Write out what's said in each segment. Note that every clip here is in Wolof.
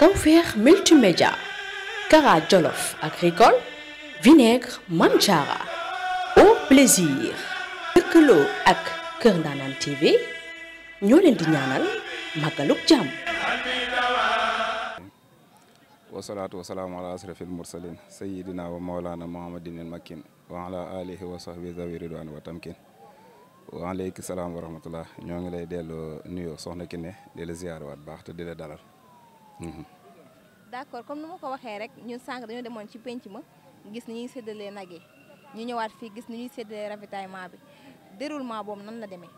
Tawfekh multimédia Kara Jolof agricole vinaigre Manjara au plaisir lëkkaloo ak Kër Ndaanaan TV ñoo leen di ñaanal màggalub jàmm. wasalaatu wasalaamu ala asrafil mursalin sayidina wa maolana muhammadin makin wa ala alihi wa sahbi zawi ridwan wa tamkin wa salaam wa rahmatullah ñoo ngi lay delloo nuyoo soxna ki ne di ziyaar waat baax te di dalal. Mhm. d'accord comme ni ma ko waxee rek ñun sànq dañoo demoon ci penc ma gis ni ñuy séddalee nag yi ñu ñëwaat fii gis ni ñuy séddalee ravitaillement bi. déroulement boobu nan la demee.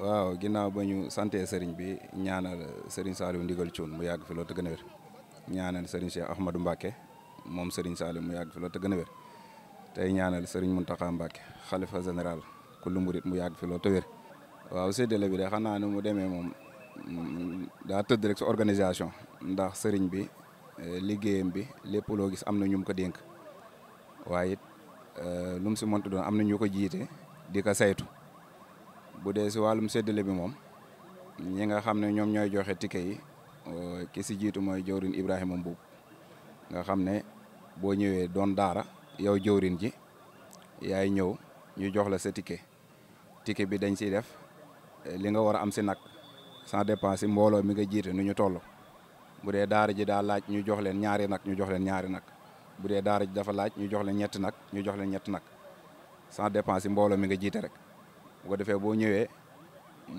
waaw ginnaaw ba ñu santee sëriñ bi ñaanal sëriñ Saliou Ndigal Thioune mu yàgg fi loolu te gën a wér ñaanal sëriñ Cheikh Ahmadou Mbacke moom sëriñ Saliou mu yàgg fi loolu te gën a wér tey ñaanal sëriñ Mountakha Mbacke xalifa général ku lu murit mu yàgg fi loolu wér. waaw séddale bi de xanaa ni mu demee moom daa tëdd rek sa organisation ndax sëriñ bi eh, liggéeyam bi lépp loo gis am na ñum mu ko dénk Euh, lu mu si mënti doon am na ñu ko jiite di ko saytu bu dee si wàllum séddale bi moom ñi nga xam ne ñoom ñooy joxe ticket yi euh, ki si jiitu mooy jawrin Ibrahima Mbuub nga xam ne boo ñëwee doon daara yow jawrin ji yaay ñëw ñu jox la sa ticket ticket bi dañ siy def euh, li nga war a am si nag sans dépense mbooloo mi nga jiite nu ñu toll bu dee daar ji daa laaj ñu jox leen ñaari nag ñu jox leen ñaari nag. bu dee daara ji dafa laaj ñu jox leen ñetti nag ñu jox leen ñetti nag sans dépense yi mbooloo mi nga jiite rek bu ko defee boo ñëwee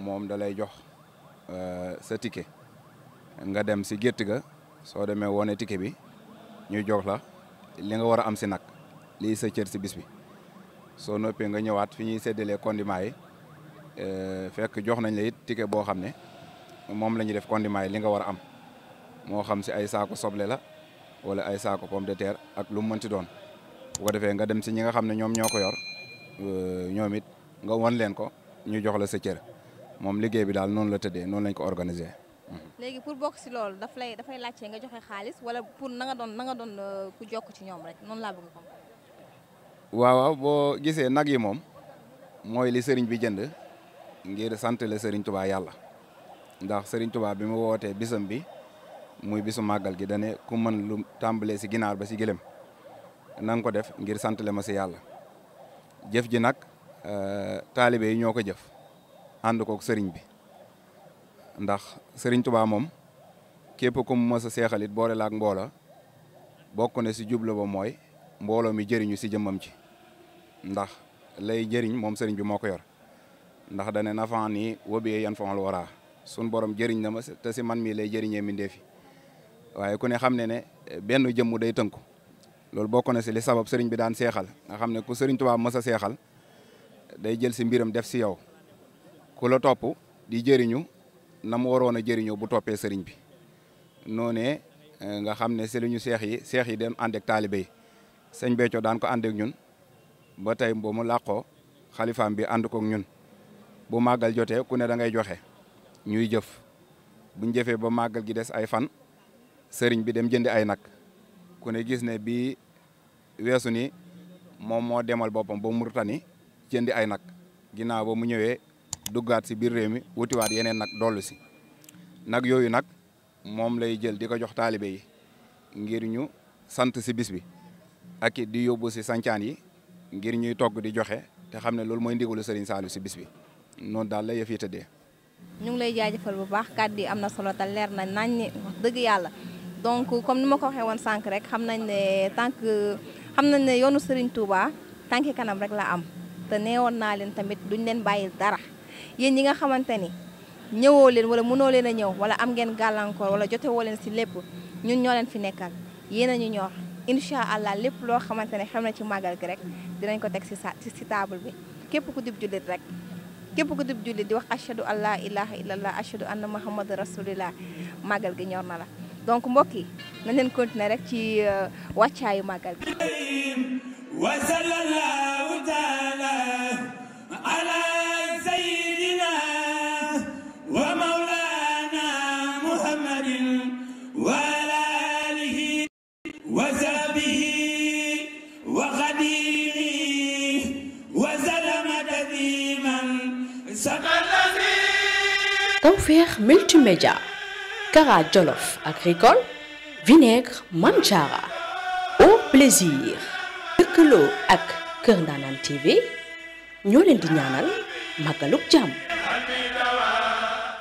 moom da lay jox euh, sa ticket nga dem si gétt ga soo demee wone ticket bi ñu jox la li nga war a am si nag lii sa cër si bis bi soo noppee nga ñëwaat fi ñuy séddalee condiment yi euh, fekk jox nañ la it ticket boo xam ne moom la ñuy def condiment yi li nga war a am moo xam si ay saako soble la wala ay saako pomme de terre ak lu mu mënti doon bu defee nga dem si ñi nga xam ne ñoom ñoo ko yor euh, ñoom it nga won leen ko ñu jox la sa cër moom liggéey bi daal noonu la tëddee noonu lañ ko organiser. Mhm. léegi pour bokk si loolu dafay laajte nga joxe xaalis wala pour na nga doon na doon euh, ku jokk ci ñoom rek noonu laa bëgg ko. waaw boo gisee nag yi moom mooy li sëriñ bi jënd ngir sant la sëriñ Tuubaa yàlla ndax sëriñ Tuubaa bi mu wootee bisam bi. muy bisu màggal gi dane ku man lu tàmbalee si ginaar ba si gëlëm na ko def ngir santale ma si yàlla jëf ji nag euh, taalibe yi ñoo ko jëf ànd kook sëriñ bi ndax sëriñ tubaa moom képp ku mu mës a seexalit boole laak mboola bokk ne si jublu ba mooy mbooloo mi jëriñu si jëmmam ci ndax lay jëriñ moom sëriñ bi moo ko yor ndax dane nafaan nii wobiyee yan fanal waraa sun borom jëriñ na ma te si man mii lay jëriñee mindee fi waaye ku ne xam ne ne eh, benn jëmmu day tënku loolu bokk na si li sabab sëriñ bi daan seexal nga xam ne ku sëriñ Tuubaa mës a seexal day jël si mbiram def si yow ku la topp di jëriñu na mu waroon a jëriñoo bu toppee sëriñ bi noonee eh, nga xam ne seliñu seex yi seex yi dem ànd ak taalibe yi sëñ Béthio daan ko ànd ñun ba tey boo mu làqoo xalifaam bi ànd kook ñun bu màggal jotee ku ne dangay joxe ñuy jëf bu jëfee ba màggal gi des ay fan sëriñ bi dem jëndi ay nag ku ne gis ne bi weesu ni moom moo demal boppam ba Murtani jëndi ay nag ginnaaw ba mu ñëwee duggaat si biir réew mi wutiwaat yeneen nag dollu si nag yooyu nag moom lay jël di ko jox taalibe yi ngir ñu sant si bis bi ak di yóbbu si sancaan yi ngir ñuy togg di joxe te xam ne loolu mooy ndigalu sëriñ Saliou si bis bi noonu daal la yëf de ñu ngi lay jaajëfal bu baax kàddu yi am na solo te na nañ wax dëgg yàlla. donc comme ni ma ko waxee woon sànq rek xam nañ ne tànk xam nañ ne yoonu Serigne Touba tànki kanam rek la am te woon naa leen tamit duñ leen bàyyil dara yéen ñi nga xamante ni ñëwoo leen wala mënoo leen a ñëw wala am ngeen gàllankoor wala jote woo leen si lépp ñun ñoo leen fi nekkal yéen a ñu ñor incha allah lépp loo xamante ne xam na ci màggal gi rek dinañ ko teg si sa si taabul bi képp ku dib jullit rek képp ku dib jullit di wax ashadu allah ilaha illallah ashadu anna muhammadu rasulillah màggal gi ñor na donc mbokk yi nañ leen continuer rek ci euh, wàccaayu màggal gi wa sallallahu taala ala sayyidina wa mawlana muhammadin wa ala alihi wa sahbihi wa xadimihi wa sallama tasliman Tawfekh multimédia kara jolof agricole vinaigre manjara au plaisir dëkkaloo ak Kër Ndanane TV ñoo leen di ñaanal màggaluk jàmm